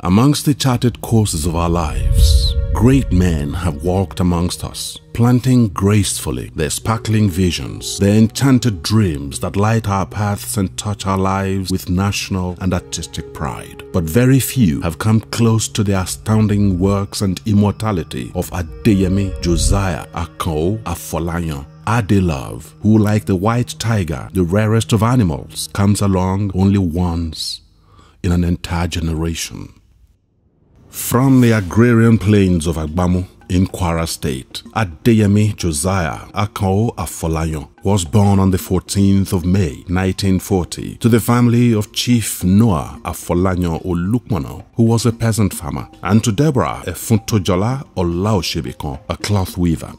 Amongst the charted courses of our lives, great men have walked amongst us, planting gracefully their sparkling visions, their enchanted dreams that light our paths and touch our lives with national and artistic pride. But very few have come close to the astounding works and immortality of Adeyemi, Josiah, Akko, Afolayan, Adelove, who like the white tiger, the rarest of animals, comes along only once in an entire generation. From the agrarian plains of Agbamu in Kwara State, Adeyemi Josiah Akao Afolayan was born on the 14th of May 1940 to the family of Chief Noah Afolayan Olukmono, who was a peasant farmer, and to Deborah Efuntojola Olaoshibikon, a cloth weaver.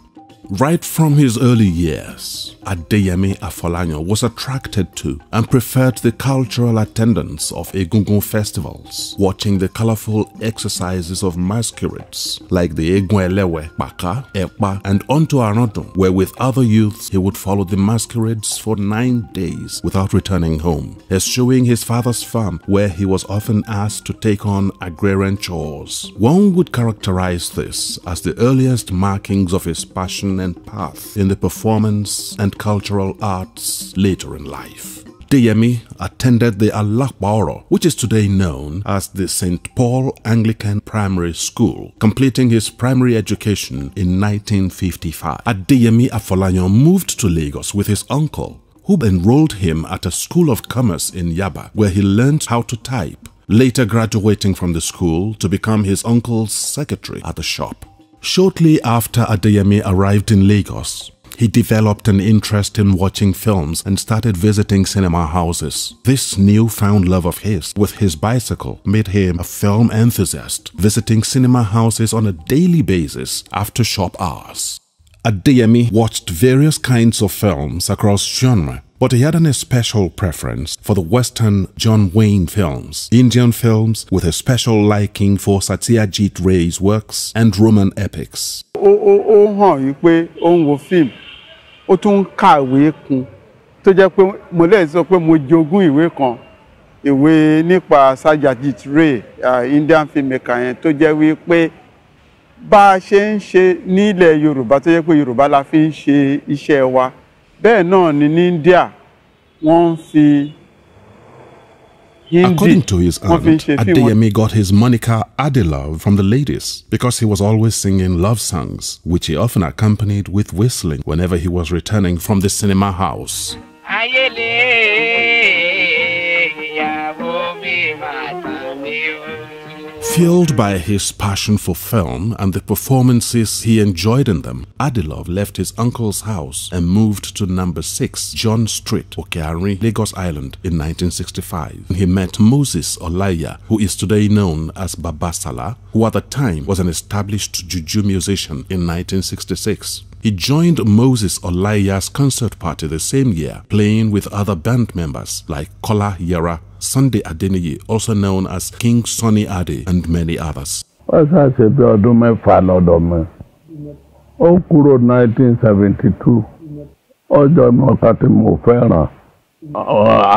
Right from his early years, Adeyemi Afolanyo was attracted to and preferred the cultural attendance of Egungun festivals, watching the colorful exercises of masquerades like the Egwelewe, Baka, Epa, and onto Anodun, where with other youths he would follow the masquerades for nine days without returning home, eschewing his father's farm where he was often asked to take on agrarian chores. One would characterize this as the earliest markings of his passion and path in the performance and cultural arts later in life. Deyemi attended the Alakboro, which is today known as the St. Paul Anglican Primary School, completing his primary education in 1955. Adeyemi Afolayan moved to Lagos with his uncle, who enrolled him at a school of commerce in Yaba, where he learned how to type, later graduating from the school to become his uncle's secretary at the shop. Shortly after Adeyemi arrived in Lagos, he developed an interest in watching films and started visiting cinema houses. This newfound love of his with his bicycle made him a film enthusiast, visiting cinema houses on a daily basis after shop hours. Adeyemi watched various kinds of films across genre but he had an especial preference for the Western John Wayne films, Indian films with a special liking for Satyajit Ray's works and Roman epics. ó ó ó hàn yí pé ó ń wo fíìmù ó tún ń kàwé kun tó ìwé nípa Satyajit Ray uh, Indian filmmaker yẹn tó jẹ́ wípé bá a ṣe ń ṣe nílẹ̀ Yorùbá tó jẹ́ pé Yorùbá la fi ń ṣe iṣẹ́ wa. bẹ́ẹ̀ náà India one ń Hindi According to his aunt, Adeyemi got his moniker Adelove from the ladies because he was always singing love songs, which he often accompanied with whistling whenever he was returning from the cinema house. Ayele Fueled by his passion for film and the performances he enjoyed in them, Adilov left his uncle's house and moved to number 6 John Street, Okeari, Lagos Island in 1965. He met Moses Olaya, who is today known as Babasala, who at the time was an established juju musician in 1966. He joined Moses Olaya's concert party the same year, playing with other band members like Kola Yara Sunday Adeniyi, also known as King Sunny Ade, and many others. wọ́n ṣàṣẹ bí ọdún mẹ́fà lọ́dọ̀ mi ó kúrò 1972 ọjọ́ mọ́ta tí mo fẹ́ràn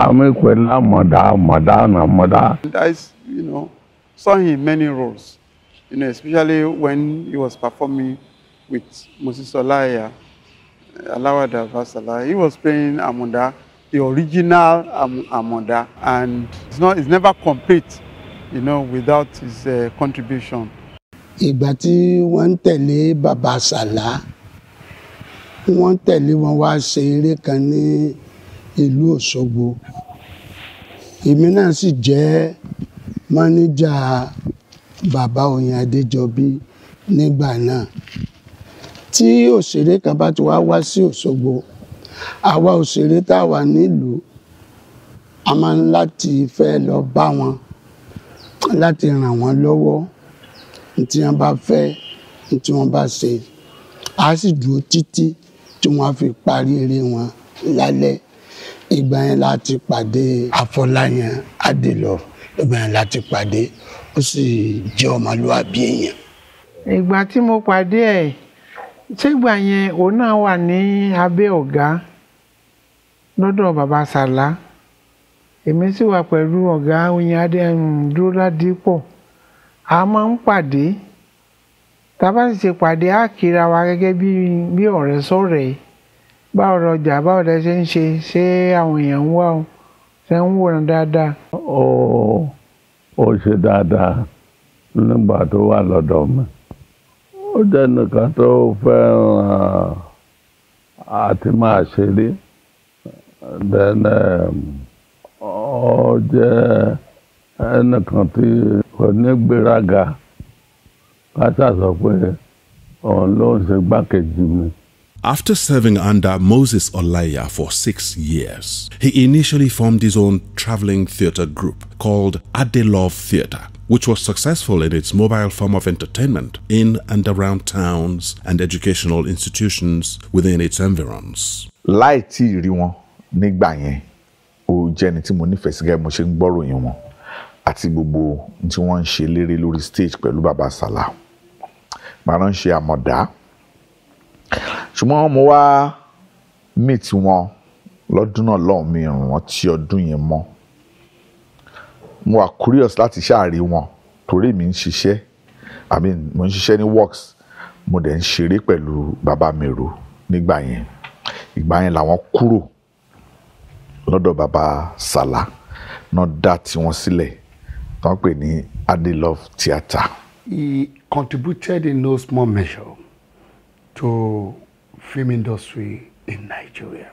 àmì pẹ̀lú àmọ̀dá àmọ̀dá àmọ̀dá. I you know, saw him many roles, you know, especially when he was performing with Moses Olaiya, Alawada Vasala. He was playing Amuda the original Am Amoda, and it's, not, it's never complete, you know, without his uh, contribution. Ìgbà tí wọ́n ń tẹ̀lé bàbá Sàlá, wọ́n ń tẹ̀lé wọn wá ṣe eré kan ní ìlú Òṣogbo. Èmi náà sì jẹ́ mánéjà bàbá Oyin Adéjọbí nígbà náà. Tí òṣèré kan bá ti wá wá sí Òṣogbo, àwa òṣèré tá a wà nílùú a máa ń láti fẹ́ lọ bá wọn láti ràn wọ́n lọ́wọ́ tí wọ́n bá fẹ́ tí wọ́n bá ṣe a sì dúró títí tí wọ́n fi parí eré wọn lálẹ́ ìgbà yẹn la ti pàdé Afọláyan Adélọ ìgbà yẹn la ti pàdé ó sì jẹ́ ọmọlúwàbí èèyàn. ìgbà tí mo pàdé ẹ̀ ṣégbà yẹn òun náà wà ní abẹ́ ọ̀gá lọ́dọ̀ bàbá sàlá èmi sì wà pẹ̀lú ọ̀gá oyin adéǹdúrádìpọ̀ a máa ń pàdé tábà sì ṣe pàdé á kíra wa gẹ́gẹ́ bí ọ̀rẹ́ sọ̀rẹ́ báwo lọjà báwo lẹ ṣe ń ṣe ṣé àwọn èèyàn ń wá o ṣe ń wòran dáadáa. ó ó ṣe dáadáa nígbà tó wà lọ́dọ̀ mi. Uh, um, After serving under Moses Olaya for six years, he initially formed his own traveling theatre group called Adelov Theatre. which was successful in its mobile form of entertainment in and around towns and educational institutions within its environs. láì tí ì rí wọn nígbà yẹn ó jẹ́ ẹni tí mo nífẹ̀ẹ́ sí gẹ́gẹ́ mo ṣe ń gbọ́ròyìn wọn àti gbogbo tí wọ́n ń ṣe léré lórí stage pẹ̀lú baba sàlá màá rán ṣe àmọ̀dá ṣùgbọ́n mo wá meet wọn lọ́dún náà lọ́hùn-ún mi ìrántí ọdún yẹn mọ́ mo wà curious láti ṣáàrí wọn torí mi ń ṣiṣẹ́ i mean mo ń ṣiṣẹ́ ní works mo dẹ̀ ń ṣeré pẹ̀lú bàbá mi rò nígbà yẹn ìgbà yẹn làwọn kúrò lọ́dọ̀ bàbá sàlá náà dá tiwọn sílẹ̀ tán pè ní Adelove Theatre. He contributed in no small measure to film industry in Nigeria.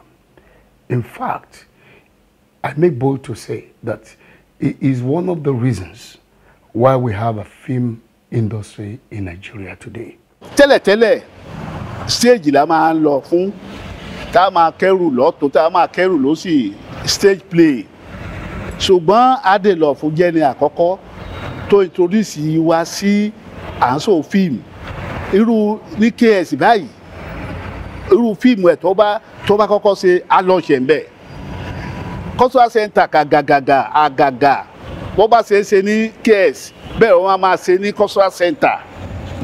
In fact, I make bold to say that is one of the reasons why we have a film industry in Nigeria today. Tẹ́lẹ̀tẹ́lẹ̀ stage la máa ń lọ fún tá a máa kẹ́rù lọ́tún tá a máa kẹ́rù lọ́sì stage play ṣùgbọ́n Adelofun jẹ́ ni àkọ́kọ́ tó introduce wa sí àǹsọ̀ fíìmù irú ní KS báyìí irú fíìmù ẹ̀ tó bá tó bá kọ́kọ́ ṣe alọ́ṣẹ̀ ń bẹ́ẹ̀. cultural center kà àgàgà wọ́n bá ṣe ń ṣe ní KS bẹ́ẹ̀ wọ́n máa ṣe ní cultural center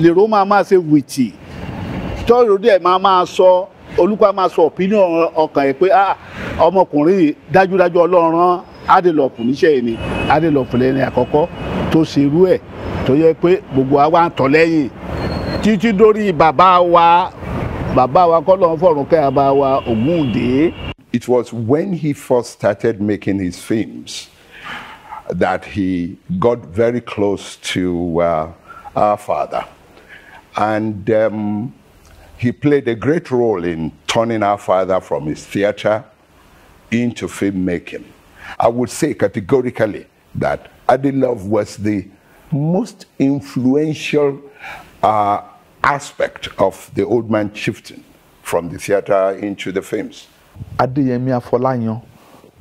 lèrò máa máa ṣe wìtì tọ́rọ̀ dẹ̀ máa máa sọ olùkọ́ máa sọ opinion ọkàn ẹ̀ e pé ah, ọmọkùnrin dájúdájú ọlọ́run ni lẹ́ni àkọ́kọ́ tó ẹ̀ tó yẹ pé gbogbo ń lẹ́yìn títí dórí bàbá wa bàbá wa fọ̀rùn it was when he first started making his films that he got very close to uh, our father. And um, he played a great role in turning our father from his theater into filmmaking. I would say categorically that Adilov was the most influential uh, aspect of the old man shifting from the theater into the films. adéyẹmí afọláyan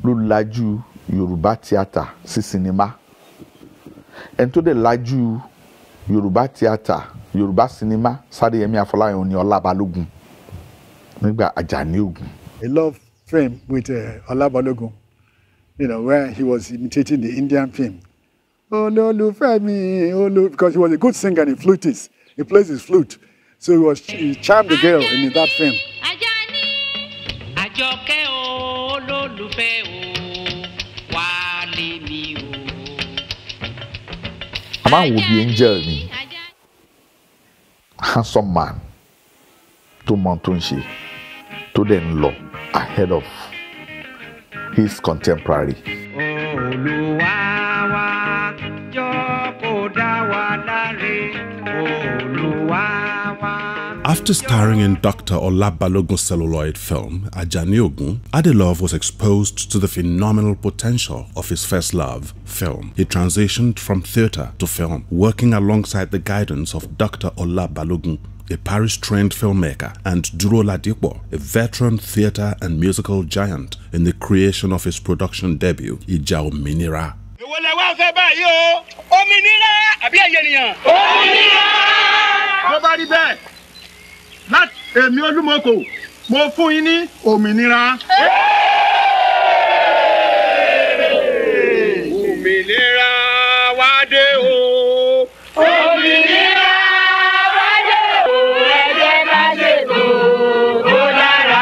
ló lajú yorùbá tíátà sí sinimá ẹni tó dẹ̀ lajú yorùbá tíátà yorùbá sinimá sádéyẹmí afọláyan ní ọlá nígbà ajá ogun. a love film with uh, ọlá balógun you know where he was imitating the indian film olólùfẹ́ mi olú because he was a good singer and a flutist he plays his flute so he was he charmed the girl in that film àjọkẹ́ olólùfẹ́ o wà lèmi o. a máa ń wo bí angel ni handsome man tó mọ tó ń ṣe tó dẹ̀ ń lọ ahead of his contemporary. olùwàwà. After starring in Dr. Olabalogun's celluloid film, Ajaniogun, Adilov was exposed to the phenomenal potential of his first love, film. He transitioned from theater to film, working alongside the guidance of Dr. Olabalogun a Paris-trained filmmaker, and Duro Ladipo, a veteran theater and musical giant in the creation of his production debut, Minira, nobody Òmìnira! láti èmi olúmọkò mo fún yín ní òmìnira. òmìnira wá dé o. òmìnira wá dé o ẹ̀jẹ̀ bá ṣe tó ó dára.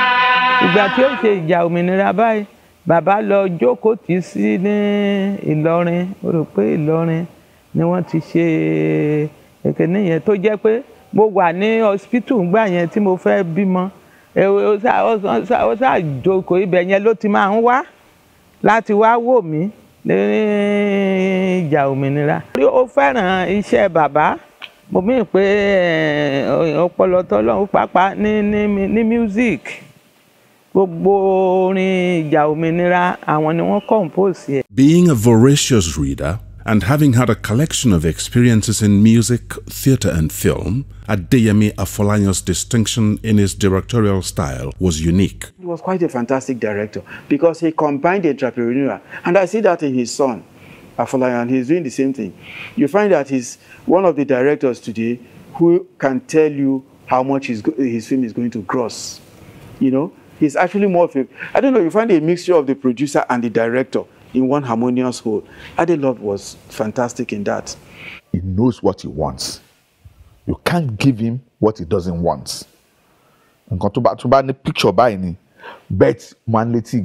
ìgbà tí ó ṣe ìjà òmìnira báyìí bàbá lọ jókòó tì í sí ní Ìlọrin ó rò pé Ìlọrin ni wọ́n ti ṣe èkéní yẹn tó jẹ́ pé mo wà ní hospital ngbà yẹn tí mo fẹ́ bímọ ó ṣáà jókòó ibẹ̀ yẹn ló ti máa ń wá láti wá wò mí ní ìjà òmìnira. ó fẹ́ràn iṣẹ́ bàbá mo mí pé ọpọlọ tọlọ́run pàápàá ní ní music gbogbo orin ìjà òmìnira àwọn ni wọ́n compose ẹ̀. Being a voracious reader. and having had a collection of experiences in music, theatre and film, Adeyemi Afolanyo's distinction in his directorial style was unique. He was quite a fantastic director because he combined entrepreneurial, and I see that in his son, Afolanyo, and he's doing the same thing. You find that he's one of the directors today who can tell you how much his, his film is going to gross. You know, he's actually more of a, I don't know, you find a mixture of the producer and the director in one harmonious whole. Adelot was fantastic in that. He knows what he wants. You can't give him what he doesn't want. Nǹkan tó bá tó bá picture báyìí ni bet man létí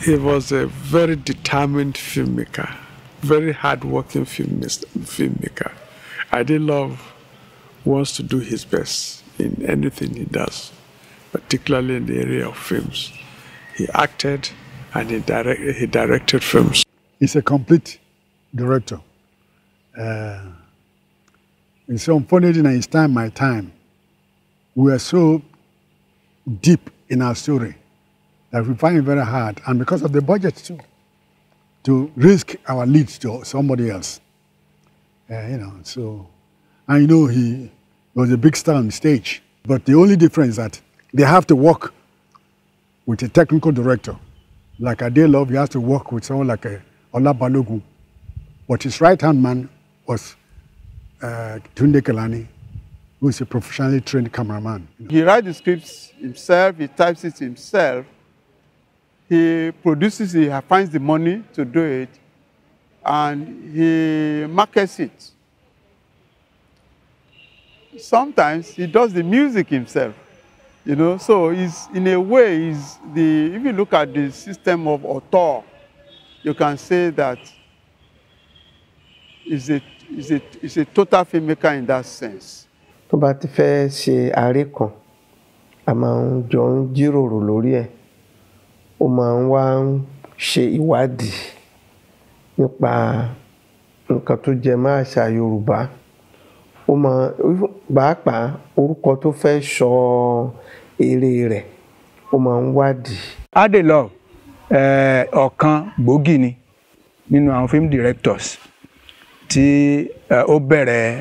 He was a very determined filmmaker, very hard-working filmmaker. Adelot wants to do his best in anything he does, particularly in the area of films. He acted and he, direct, he directed films. He's a complete director. Uh, and so unfortunately he's his time, my time, we are so deep in our story that we find it very hard, and because of the budget too, to risk our leads to somebody else. Uh, you know, so I know he was a big star on stage, but the only difference is that they have to work with a technical director Like a day love, he has to work with someone like uh, Olabalogun. But his right-hand man was uh, Tunde Kelani, who is a professionally trained cameraman. You know. He writes the scripts himself, he types it himself, he produces it, he finds the money to do it, and he markets it. Sometimes he does the music himself. You know, so it's, in a way, is the if you look at the system of author, you can say that is a is a is a total filmmaker in that sense. tó bá ti fẹ́ ṣe àárẹ̀ kan a máa ń jọ ń jíròrò lórí ẹ̀ ó máa ń wá ń ṣe ìwádìí nípa nǹkan tó jẹ mọ́ àṣà Yorùbá ó mọ pàápàá orúkọ tó fẹ́ sọ eré rẹ̀ ó máa ń wádìí. Adelong ọ̀kan gbòógì ni nínú àwọn film directors tí ó bẹ̀rẹ̀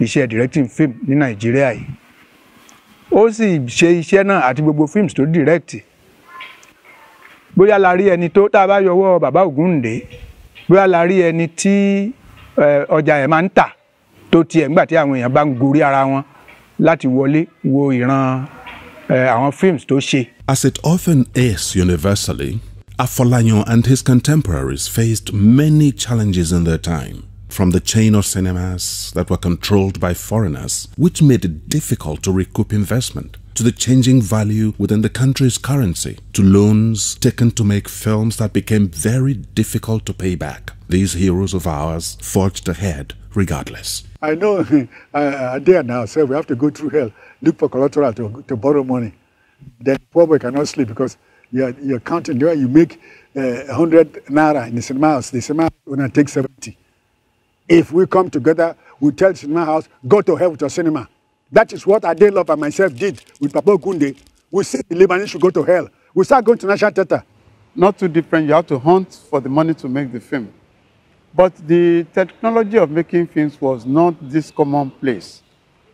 iṣẹ́ directing film ní Nàìjíríà yìí ó sì ṣe iṣẹ́ náà àti gbogbo films tó direct bóyá la rí ẹni tó tá a bá yọwọ́ bàbá Ògúndé bóyá la rí ẹni tí ọjà ẹ̀ máa ń tà tó tí àwọn bá ara wọn láti wọlé wo ìran àwọn films tó ṣe. As it often is universally, Afolayan and his contemporaries faced many challenges in their time. From the chain of cinemas that were controlled by foreigners, which made it difficult to recoup investment to the changing value within the country's currency, to loans taken to make films that became very difficult to pay back. These heroes of ours forged ahead regardless. I know uh, there now, so we have to go through hell, look for collateral to, to borrow money. Then poor boy cannot sleep because you're, you're counting there, you make uh, 100 naira in the cinema house, the cinema house will take 70. If we come together, we tell cinema house, go to hell with your cinema. That is what Adelov and myself did with Papa Gunde. We said the Lebanese should go to hell. We start going to National theater. Not too different. You have to hunt for the money to make the film. But the technology of making films was not this commonplace.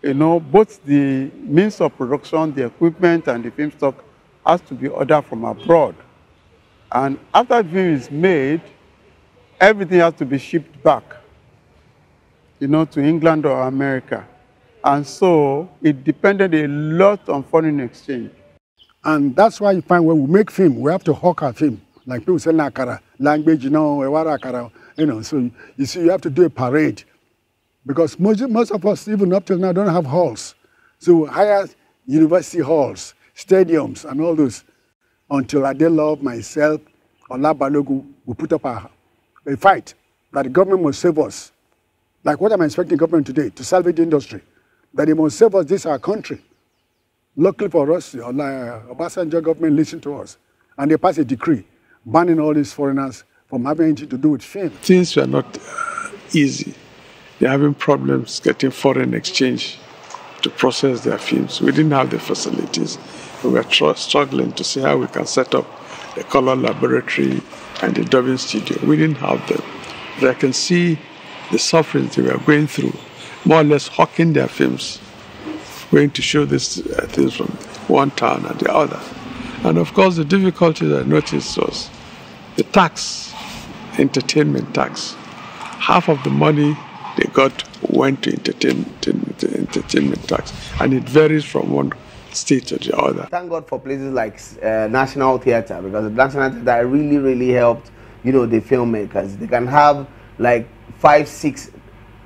You know, both the means of production, the equipment, and the film stock has to be ordered from abroad. And after the film is made, everything has to be shipped back, you know, to England or America. And so it depended a lot on foreign exchange. And that's why you find when we make film, we have to hawk our film. Like people say, Nakara, language, you know, Ewara Kara, you know. So you see, you have to do a parade. Because most, most of us, even up till now, don't have halls. So we hire university halls, stadiums, and all those. Until I myself, Ola Balogu, we put up a, a fight that the government must save us. Like what am I expecting government today? To salvage the industry. that he must save us. This our country. Luckily for us, the uh, Obasanjo government listened to us, and they passed a decree banning all these foreigners from having anything to do with fame. Things were not uh, easy. They're having problems getting foreign exchange to process their films. We didn't have the facilities. We were struggling to see how we can set up the color laboratory and the dubbing studio. We didn't have them. But I can see the suffering they were going through more or less hawking their films, going to show these uh, things from one town and the other. And of course, the difficulty that I noticed was the tax, entertainment tax. Half of the money they got went to entertainment, entertainment tax, and it varies from one state to the other. Thank God for places like uh, National Theatre because the National Theatre really, really helped, you know, the filmmakers. They can have like five, six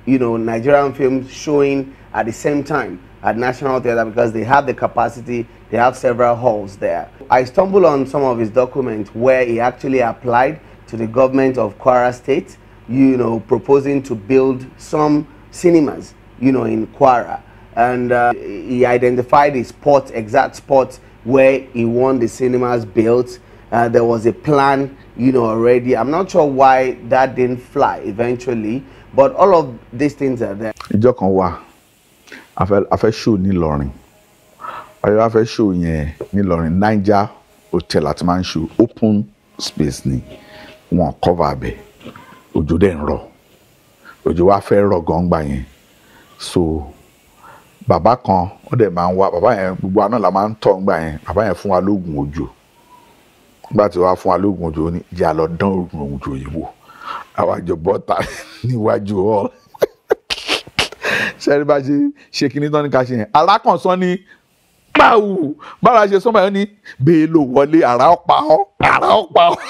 you know, Nigerian films showing at the same time at National Theatre because they have the capacity, they have several halls there. I stumbled on some of his documents where he actually applied to the government of Kwara State, you know, proposing to build some cinemas, you know, in Kwara. And uh, he identified the spot, exact spot where he won the cinemas built uh, there was a plan, you know, already. I'm not sure why that didn't fly eventually, but all of these things are there. Ìjọ kan wà, a fẹ́ a fẹ́ show nílọrin, ọ̀yọ́ a fẹ́ show yẹn nílọrin, Naija hotel at man ń show open space ni wọ́n cover abẹ, òjò dẹ̀ ń rọ̀, òjò wa fẹ́ rọ̀ gọ́ngbà yẹn, so bàbá kan ó dẹ̀ máa ń wá bàbá yẹn gbogbo àná la máa ń tọ́ ń gbà yẹn bàbá yẹn fún wa lóògùn òjò nígbà tí wàá fún wa lóògùn òjò ní ìyá lọ dán oògùn òjò yìí wò àwọn àjọ bọ́ta níwájú hall ṣẹ́rí bá ṣe ṣe kinní tán ni ká ṣe yẹn alákànṣán ní pàwù bára ṣe sọ́mọ́ ẹ̀ ní bẹ́ẹ̀ ló wọlé àrà ọ̀pá ọ́ àrà ọ̀pá ọ́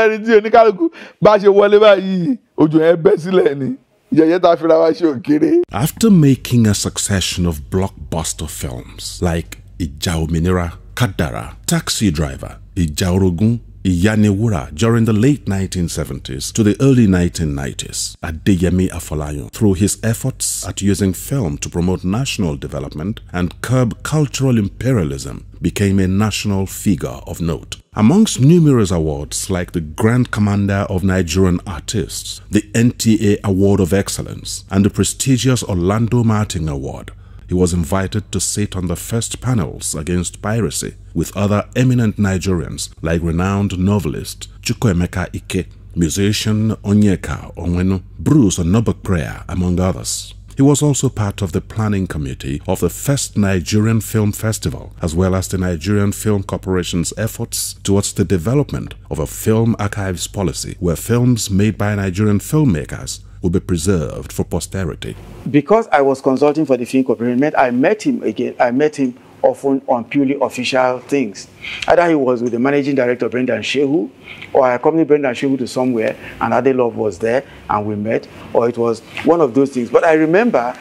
ẹni tí oníkálukú bá ṣe wọlé báyìí ojú yẹn bẹ́ sílẹ̀ ni yẹ̀yẹ́ tá a fira wa ṣe òkèrè. After making a succession of blockbuster films like Ìjà Òmìnira, Kadara, Taxi Driver, Ìjà Orogún Yanewura, during the late 1970s to the early 1990s. Adeyemi Afolayan, through his efforts at using film to promote national development and curb cultural imperialism, became a national figure of note. Amongst numerous awards like the Grand Commander of Nigerian Artists, the NTA Award of Excellence, and the prestigious Orlando Martin Award, he was invited to sit on the first panels against piracy with other eminent Nigerians like renowned novelist Chukwemeka Ike, musician Onyeka Onwenu, Bruce Onobokprea, among others. He was also part of the planning committee of the first Nigerian Film Festival, as well as the Nigerian Film Corporation's efforts towards the development of a film archives policy where films made by Nigerian filmmakers will be preserved for posterity. Because I was consulting for the Finco corporation. I met him again. I met him often on purely official things. Either he was with the managing director, Brendan Shehu, or I accompanied Brendan Shehu to somewhere, and Ade Love was there, and we met, or it was one of those things. But I remember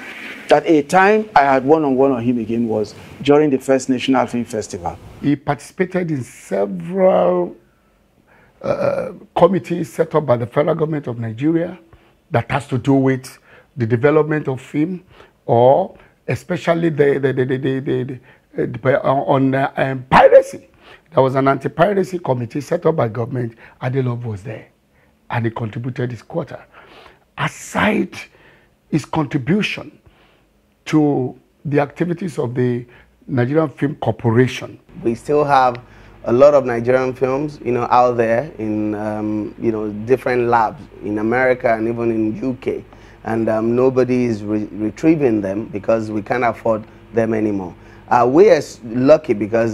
that a time I had one-on-one -on, -one on him again was during the first National Film Festival. He participated in several uh, uh committees set up by the federal government of Nigeria that has to do with the development of film or especially the, the, the, the, the, the uh, on uh, um, piracy. There was an anti-piracy committee set up by government. Adelov was there and he contributed his quota. Aside his contribution to the activities of the Nigerian Film Corporation. We still have a lot of Nigerian films, you know, out there in, um, you know, different labs in America and even in UK. And um, nobody is re retrieving them because we can't afford them anymore. Uh, we are lucky because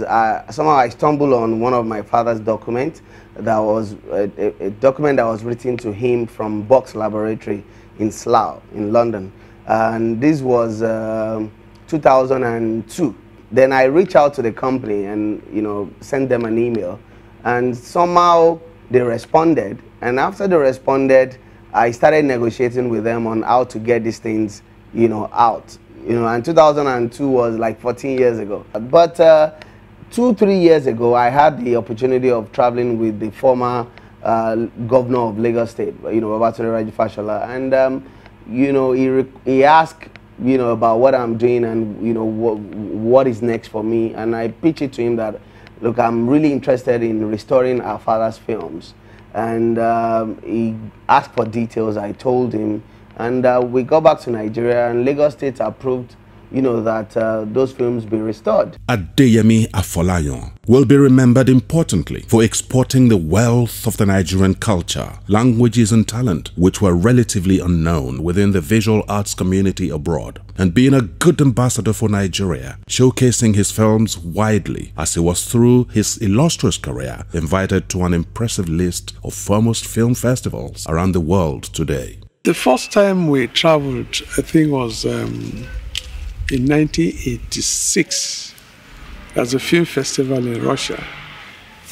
somehow I stumbled on one of my father's documents that was a, a, document that was written to him from Box Laboratory in Slough, in London. And this was uh, um, 2002. Then I reach out to the company and you know send them an email, and somehow they responded. And after they responded, I started negotiating with them on how to get these things you know out. You know, and 2002 was like 14 years ago. But uh, two three years ago, I had the opportunity of traveling with the former uh, governor of Lagos State, you know, Babatunde Rajafashola, and um, you know, he, he asked you know, about what I'm doing and, you know, what is next for me. And I pitched it to him that, look, I'm really interested in restoring our father's films. And um, he asked for details. I told him. And uh, we got back to Nigeria, and Lagos State approved you know, that uh, those films be restored. Adeyemi Afolayan will be remembered importantly for exporting the wealth of the Nigerian culture, languages and talent which were relatively unknown within the visual arts community abroad and being a good ambassador for Nigeria, showcasing his films widely as he was through his illustrious career invited to an impressive list of foremost film festivals around the world today. The first time we traveled, I think was um in 1986 as a film festival in Russia.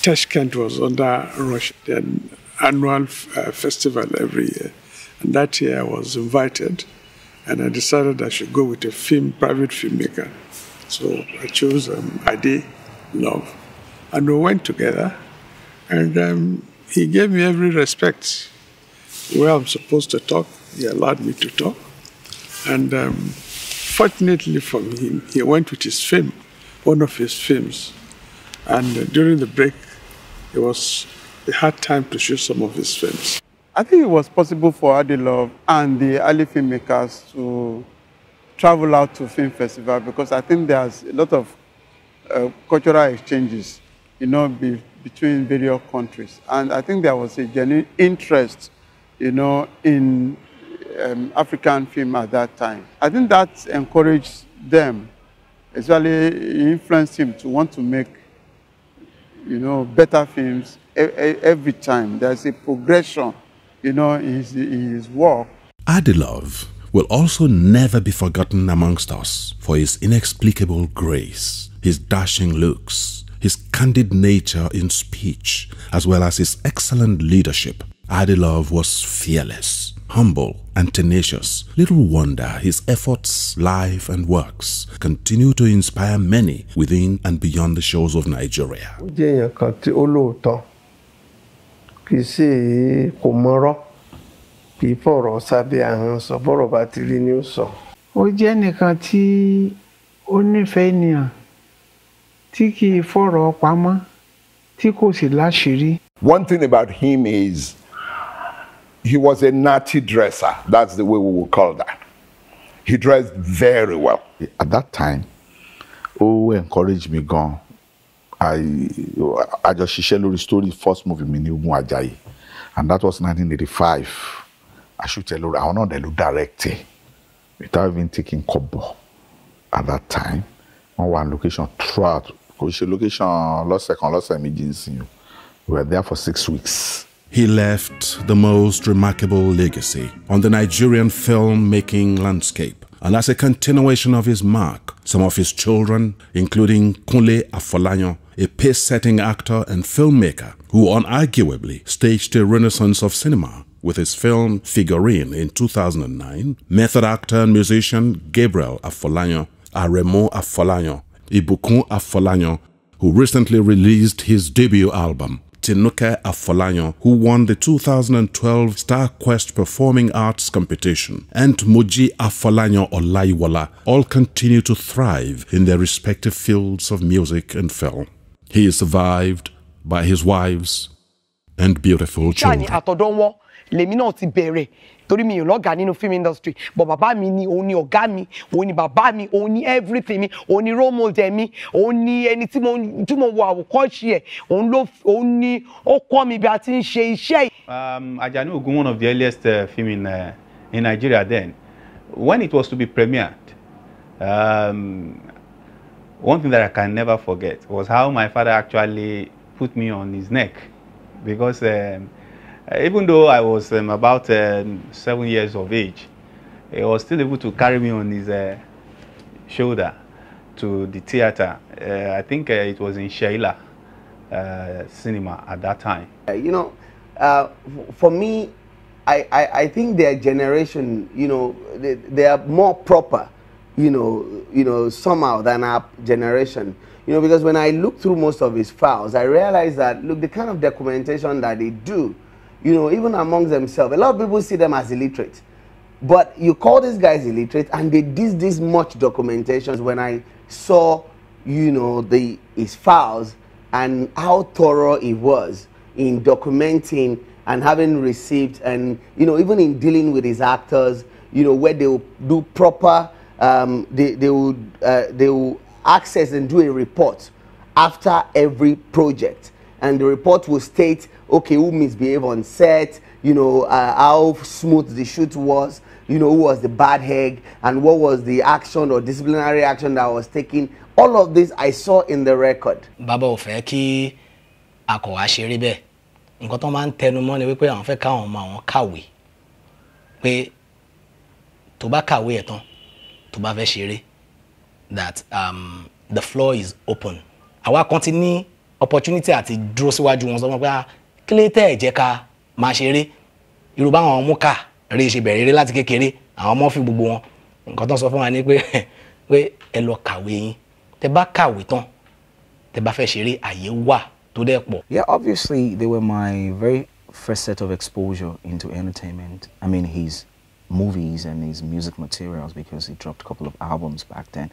Tashkent was under Russian annual uh, festival every year. And that year I was invited and I decided I should go with a film, private filmmaker. So I chose um, Adi Love. And we went together and um, he gave me every respect. Where I'm supposed to talk, he allowed me to talk. And um, Fortunately for him, he went with his film, one of his films. And uh, during the break, it was a hard time to shoot some of his films. I think it was possible for Adilov and the early filmmakers to travel out to film festival because I think there's a lot of uh, cultural exchanges, you know, be, between various countries. And I think there was a genuine interest, you know, in um, African film at that time. I think that encouraged them, especially influenced him to want to make, you know, better films every time. There's a progression, you know, in his, in his work. Adilov will also never be forgotten amongst us for his inexplicable grace, his dashing looks, his candid nature in speech, as well as his excellent leadership. Adilov was fearless humble and tenacious. Little wonder his efforts, life and works continue to inspire many within and beyond the shores of Nigeria. One thing about him is he was a natty dresser. That's the way we would call that. He dressed very well. At that time, ó encouraged me gan. I just ṣiṣẹ́ the story first movie mi ní Ogun Ajayi and that was 1985. I Aṣùtẹ̀ lórí àwọn náà dẹ̀ ló direct ẹ̀ without even taking kọ́bọ̀ at that time. on one location throughout kò ṣe location Lost second, lost méjì ń We were there for six weeks. He left the most remarkable legacy on the Nigerian film-making landscape. And as a continuation of his mark, some of his children, including Kunle Afolanyo, a pace-setting actor and filmmaker who unarguably staged a renaissance of cinema with his film Figurine in 2009, method actor and musician Gabriel Afolanyo, Aremo Afolanyo, Ibukun Afolanyo, who recently released his debut album, Tinuke Afolayan, who won the 2012 Star Quest Performing Arts Competition, and Moji Afolayan Olaiwala all continue to thrive in their respective fields of music and film. He is survived by his wives and beautiful children. torí mi ò lọ́gàá nínú film industry but bàbá mi ni òun ni ọ̀gá mi òun ni bàbá mi òun ni everything mi òun ni role model mi òun ni ẹni tí mo tí mo wo àwòkọ́ṣe ẹ̀ òun ló òun ni ó kọ́ mi bí a ti ń ṣe iṣẹ́ um, Ajani Ogun one of the earliest uh, film in, uh, in Nigeria then when it was to be premiered um, one thing that I can never forget was how my father actually put me on his neck because um, Uh, even though I was um, about um, seven years of age, he was still able to carry me on his uh, shoulder to the theater. Uh, I think uh, it was in Sheila uh, cinema at that time. Uh, you know, for me, I, I, I, think their generation, you know, they, they, are more proper, you know, you know, somehow than our generation. You know, because when I look through most of his files, I realize that, look, the kind of documentation that they do, you know, even among themselves. A lot of people see them as illiterate. But you call these guys illiterate, and they did this much documentations when I saw, you know, the his files and how thorough he was in documenting and having received and you know even in dealing with his actors you know where they will do proper um, they, they will uh, they will access and do a report after every project and the report will state okay, who misbehaved on set, you know, uh, how smooth the shoot was, you know, who was the bad egg, and what was the action or disciplinary action that was taken. All of this I saw in the record. Baba ofe ki ako akọ̀wá ṣe rí bẹ́ẹ̀. Nǹkan tó máa ń tẹnu mọ́ ni wípé àwọn fẹ́ káwọn ọmọ àwọn kàwé pé tó bá kàwé ẹ̀ tán tó bá fẹ́ that um, the floor is open. Àwa kan ti opportunity ati dúró waju wọn sọ wọn pé ah, kílé tẹ́ ẹ̀ jẹ́ ká máa ṣeré irú báwọn ọmú kà rí ṣe bẹ̀rẹ̀ eré láti kékeré àwọn ọmọ fi gbogbo wọn nǹkan tó ń sọ fún wa ni pé pé ẹ lọ kàwé yín tẹ bá kàwé tán tẹ bá fẹ́ ṣeré àyè wà tó dẹ̀ pọ̀. yeah obviously they were my very first set of exposure into entertainment i mean his movies and his music materials because he dropped a couple of albums back then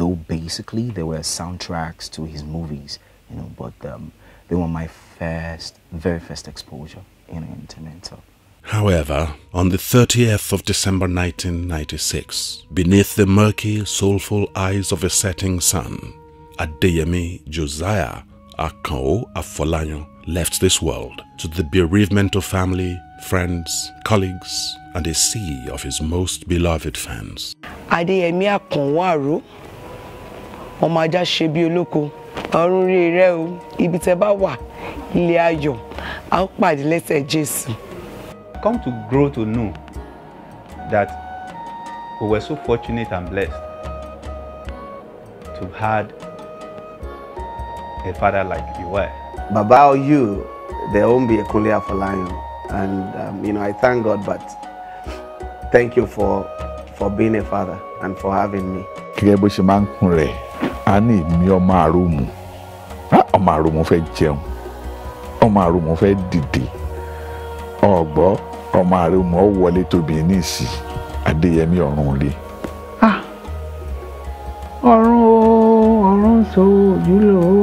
though basically they were soundtracks to his movies you know, but um, they were my first, very first exposure, in know, However, on the 30th of December 1996, beneath the murky, soulful eyes of a setting sun, Adeyemi Josiah Akao Afolanyo left this world to the bereavement of family, friends, colleagues, and a sea of his most beloved fans. Adeyemi Akonwaru, ọmọ ajá olóko. ọ̀run rere o ibi tẹ́ bá wà ilé ayọ̀ a ó pàdé lẹ́sẹ̀ Jésù. Come to grow to know that we were so fortunate and blessed to have a father like you were. Baba you, there won't be a Kunle Afolayan. And, um, you know, I thank God, but thank you for, for being a father and for having me. Kìí bó ṣe máa ń kun rẹ̀ a ní èmi ọmọ àròmù ọmọ àròmù fẹ́ jẹun ọmọ àròmù fẹ́ dìde ọgbọ́ ọmọ àròmù ọ wọlé tóbi ní ìsì adéyẹmí ọ̀run rè. ọ̀run o ọ̀run so òjúlò o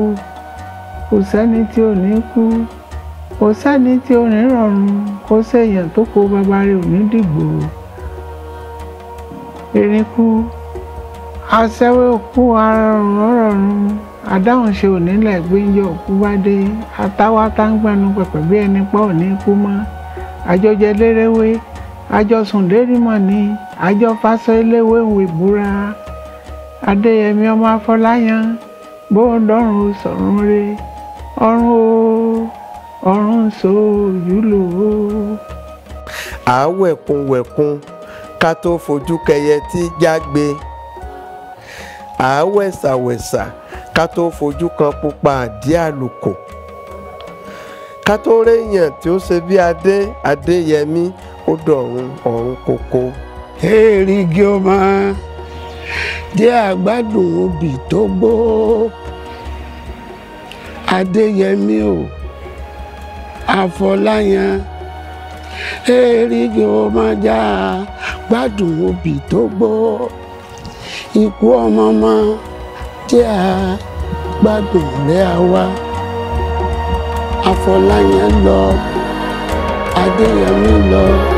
kò sẹ́ni tí ò ní kú kò sẹ́ni tí ò ní rọrùn kò sẹ́yìn tó kó bàbá rẹ̀ ò ní dìgbò erin kú aṣẹ́wó kú ara rọ̀rùn adáhùnṣe ò nílẹ̀ gbẹ́yìn òkú bá dé atáwá táǹgbẹ́nu pẹ̀pẹ̀ bí ẹni pa ní kú mọ́ àjọjẹ lérewé àjọsùn dérímọ̀ ni àjọ fásọ eléwé òwe búra adéyẹmí ọmọ afọláyàn bó dọ̀rùn ó sọ̀rùn re ọ̀run o ọ̀run so òjúlò o. àá wẹ̀kùn wẹ̀kùn ká tó fojú kẹyẹ tí jágbe àwẹ̀sàwẹ̀sà ká tó fojú kan pupa àdí àlùkò ká tó réèyàn tí ó ṣe bí adé adéyẹmí ó dọ̀run ọ̀run kókó. èrè igi ọmọ jẹ́ àgbádùn obì tó gbó adéyẹmí o àfọláyàn èrè igi ọmọ jẹ́ àgbádùn obì tó gbó. Igwe ọmọ máa tí a gbádùn rẹ̀ á wá lọ Adéyẹmí lọ.